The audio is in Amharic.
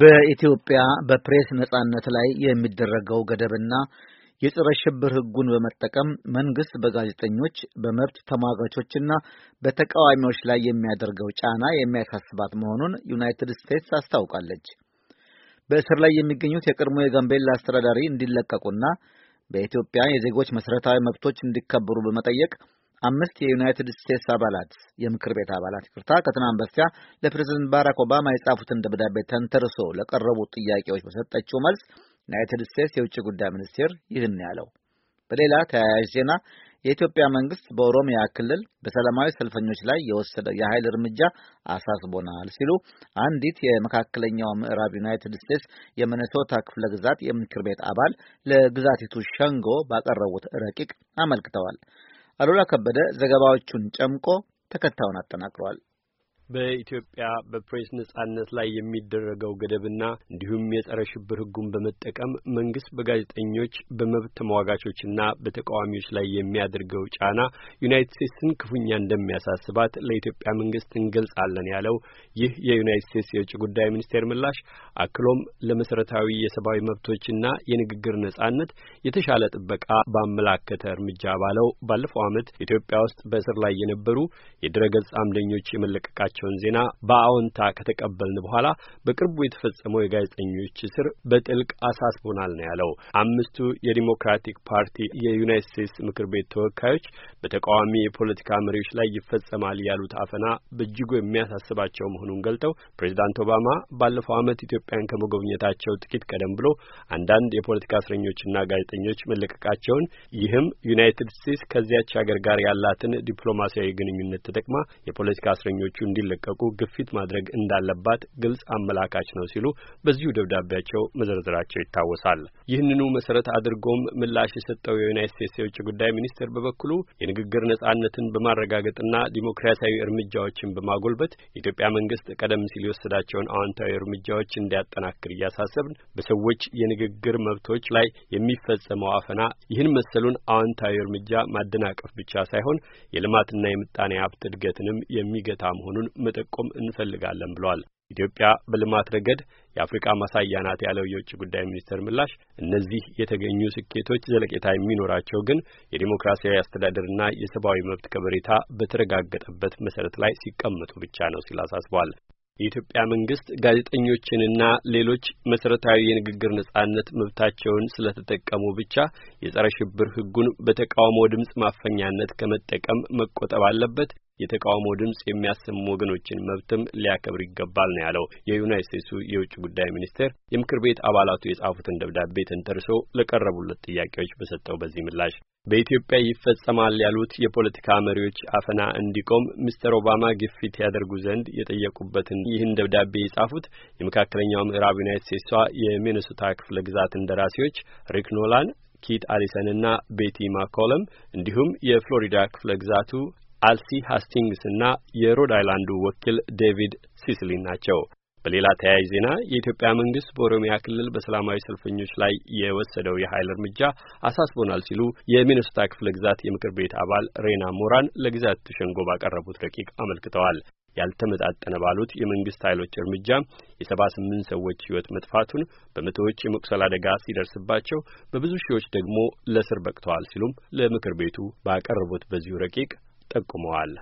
በኢትዮጵያ በፕሬስ ነጻነት ላይ የሚደረገው ገደብና የጸረ ሽብር ሕጉን በመጠቀም መንግስት በጋዜጠኞች በመብት ተሟጋቾችና በተቃዋሚዎች ላይ የሚያደርገው ጫና የሚያሳስባት መሆኑን ዩናይትድ ስቴትስ አስታውቃለች። በእስር ላይ የሚገኙት የቀድሞ የጋምቤላ አስተዳዳሪ እንዲለቀቁና በኢትዮጵያ የዜጎች መሠረታዊ መብቶች እንዲከበሩ በመጠየቅ አምስት የዩናይትድ ስቴትስ አባላት የምክር ቤት አባላት ይቅርታ ከትናንት በስቲያ ለፕሬዝደንት ባራክ ኦባማ የጻፉትን ደብዳቤ ተንተርሶ ለቀረቡ ጥያቄዎች በሰጠችው መልስ ዩናይትድ ስቴትስ የውጭ ጉዳይ ሚኒስቴር ይህን ያለው። በሌላ ተያያዥ ዜና የኢትዮጵያ መንግስት በኦሮሚያ ክልል በሰላማዊ ሰልፈኞች ላይ የወሰደ የኃይል እርምጃ አሳስቦናል ሲሉ አንዲት የመካከለኛው ምዕራብ ዩናይትድ ስቴትስ የሚኔሶታ ክፍለ ግዛት የምክር ቤት አባል ለግዛቲቱ ሸንጎ ባቀረቡት ረቂቅ አመልክተዋል። አሉላ ከበደ ዘገባዎቹን ጨምቆ ተከታዩን አጠናቅሯል። በኢትዮጵያ በፕሬስ ነጻነት ላይ የሚደረገው ገደብና እንዲሁም የጸረ ሽብር ሕጉን በመጠቀም መንግስት በጋዜጠኞች በመብት ተሟጋቾችና በተቃዋሚዎች ላይ የሚያደርገው ጫና ዩናይትድ ስቴትስን ክፉኛ እንደሚያሳስባት ለኢትዮጵያ መንግስት እንገልጻለን ያለው ይህ የዩናይትድ ስቴትስ የውጭ ጉዳይ ሚኒስቴር ምላሽ አክሎም ለመሰረታዊ የሰብአዊ መብቶችና የንግግር ነጻነት የተሻለ ጥበቃ ባመላከተ እርምጃ ባለው ባለፈው ዓመት ኢትዮጵያ ውስጥ በእስር ላይ የነበሩ የድረገጽ አምደኞች የመለቀቃቸው ያላቸውን ዜና በአዎንታ ከተቀበልን በኋላ በቅርቡ የተፈጸመው የጋዜጠኞች እስር በጥልቅ አሳስቦናል ነው ያለው። አምስቱ የዲሞክራቲክ ፓርቲ የዩናይት ስቴትስ ምክር ቤት ተወካዮች በተቃዋሚ የፖለቲካ መሪዎች ላይ ይፈጸማል ያሉት አፈና በእጅጉ የሚያሳስባቸው መሆኑን ገልጠው ፕሬዚዳንት ኦባማ ባለፈው ዓመት ኢትዮጵያን ከመጎብኘታቸው ጥቂት ቀደም ብሎ አንዳንድ የፖለቲካ እስረኞችና ጋዜጠኞች መለቀቃቸውን ይህም ዩናይትድ ስቴትስ ከዚያች ሀገር ጋር ያላትን ዲፕሎማሲያዊ ግንኙነት ተጠቅማ የፖለቲካ እስረኞቹ እንዲ እንዲለቀቁ ግፊት ማድረግ እንዳለባት ግልጽ አመላካች ነው ሲሉ በዚሁ ደብዳቤያቸው መዘርዘራቸው ይታወሳል። ይህንኑ መሰረት አድርጎም ምላሽ የሰጠው የዩናይት ስቴትስ የውጭ ጉዳይ ሚኒስቴር በበኩሉ የንግግር ነጻነትን በማረጋገጥና ዲሞክራሲያዊ እርምጃዎችን በማጎልበት የኢትዮጵያ መንግስት ቀደም ሲል የወሰዳቸውን አዎንታዊ እርምጃዎች እንዲያጠናክር እያሳሰብን በሰዎች የንግግር መብቶች ላይ የሚፈጸመው አፈና ይህን መሰሉን አዎንታዊ እርምጃ ማደናቀፍ ብቻ ሳይሆን የልማትና የምጣኔ ሀብት እድገትንም የሚገታ መሆኑን መጠቆም እንፈልጋለን ብሏል። ኢትዮጵያ በልማት ረገድ የአፍሪካ ማሳያ ናት ያለው የውጭ ጉዳይ ሚኒስቴር ምላሽ እነዚህ የተገኙ ስኬቶች ዘለቄታ የሚኖራቸው ግን የዲሞክራሲያዊ አስተዳደርና የሰብአዊ መብት ከበሬታ በተረጋገጠበት መሰረት ላይ ሲቀመጡ ብቻ ነው ሲል አሳስቧል። የኢትዮጵያ መንግስት ጋዜጠኞችንና ሌሎች መሰረታዊ የንግግር ነጻነት መብታቸውን ስለተጠቀሙ ብቻ የጸረ ሽብር ህጉን በተቃውሞ ድምጽ ማፈኛነት ከመጠቀም መቆጠብ አለበት። የተቃውሞ ድምጽ የሚያሰሙ ወገኖችን መብትም ሊያከብር ይገባል ነው ያለው። የዩናይት ስቴትሱ የውጭ ጉዳይ ሚኒስቴር የምክር ቤት አባላቱ የጻፉትን ደብዳቤ ተንተርሶ ለቀረቡለት ጥያቄዎች በሰጠው በዚህ ምላሽ በኢትዮጵያ ይፈጸማል ያሉት የፖለቲካ መሪዎች አፈና እንዲቆም ሚስተር ኦባማ ግፊት ያደርጉ ዘንድ የጠየቁበትን ይህን ደብዳቤ የጻፉት የመካከለኛው ምዕራብ ዩናይት ስቴትሷ የሚኒሶታ ክፍለ ግዛት እንደራሴዎች ሪክ ኖላን ኪት አሊሰን እና ቤቲ ማኮለም እንዲሁም የፍሎሪዳ ክፍለ ግዛቱ አልሲ ሃስቲንግስ እና የሮድ አይላንዱ ወኪል ዴቪድ ሲስሊን ናቸው። በሌላ ተያያዥ ዜና የኢትዮጵያ መንግስት በኦሮሚያ ክልል በሰላማዊ ሰልፈኞች ላይ የወሰደው የኃይል እርምጃ አሳስቦናል ሲሉ የሚኒሶታ ክፍለ ግዛት የምክር ቤት አባል ሬና ሞራን ለግዛት ሸንጎ ባቀረቡት ረቂቅ አመልክተዋል። ያልተመጣጠነ ባሉት የመንግስት ኃይሎች እርምጃ የሰባ ስምንት ሰዎች ህይወት መጥፋቱን በመቶዎች የመቁሰል አደጋ ሲደርስባቸው በብዙ ሺዎች ደግሞ ለስር በቅተዋል ሲሉም ለምክር ቤቱ ባቀረቡት በዚሁ ረቂቅ ጠቁመዋል።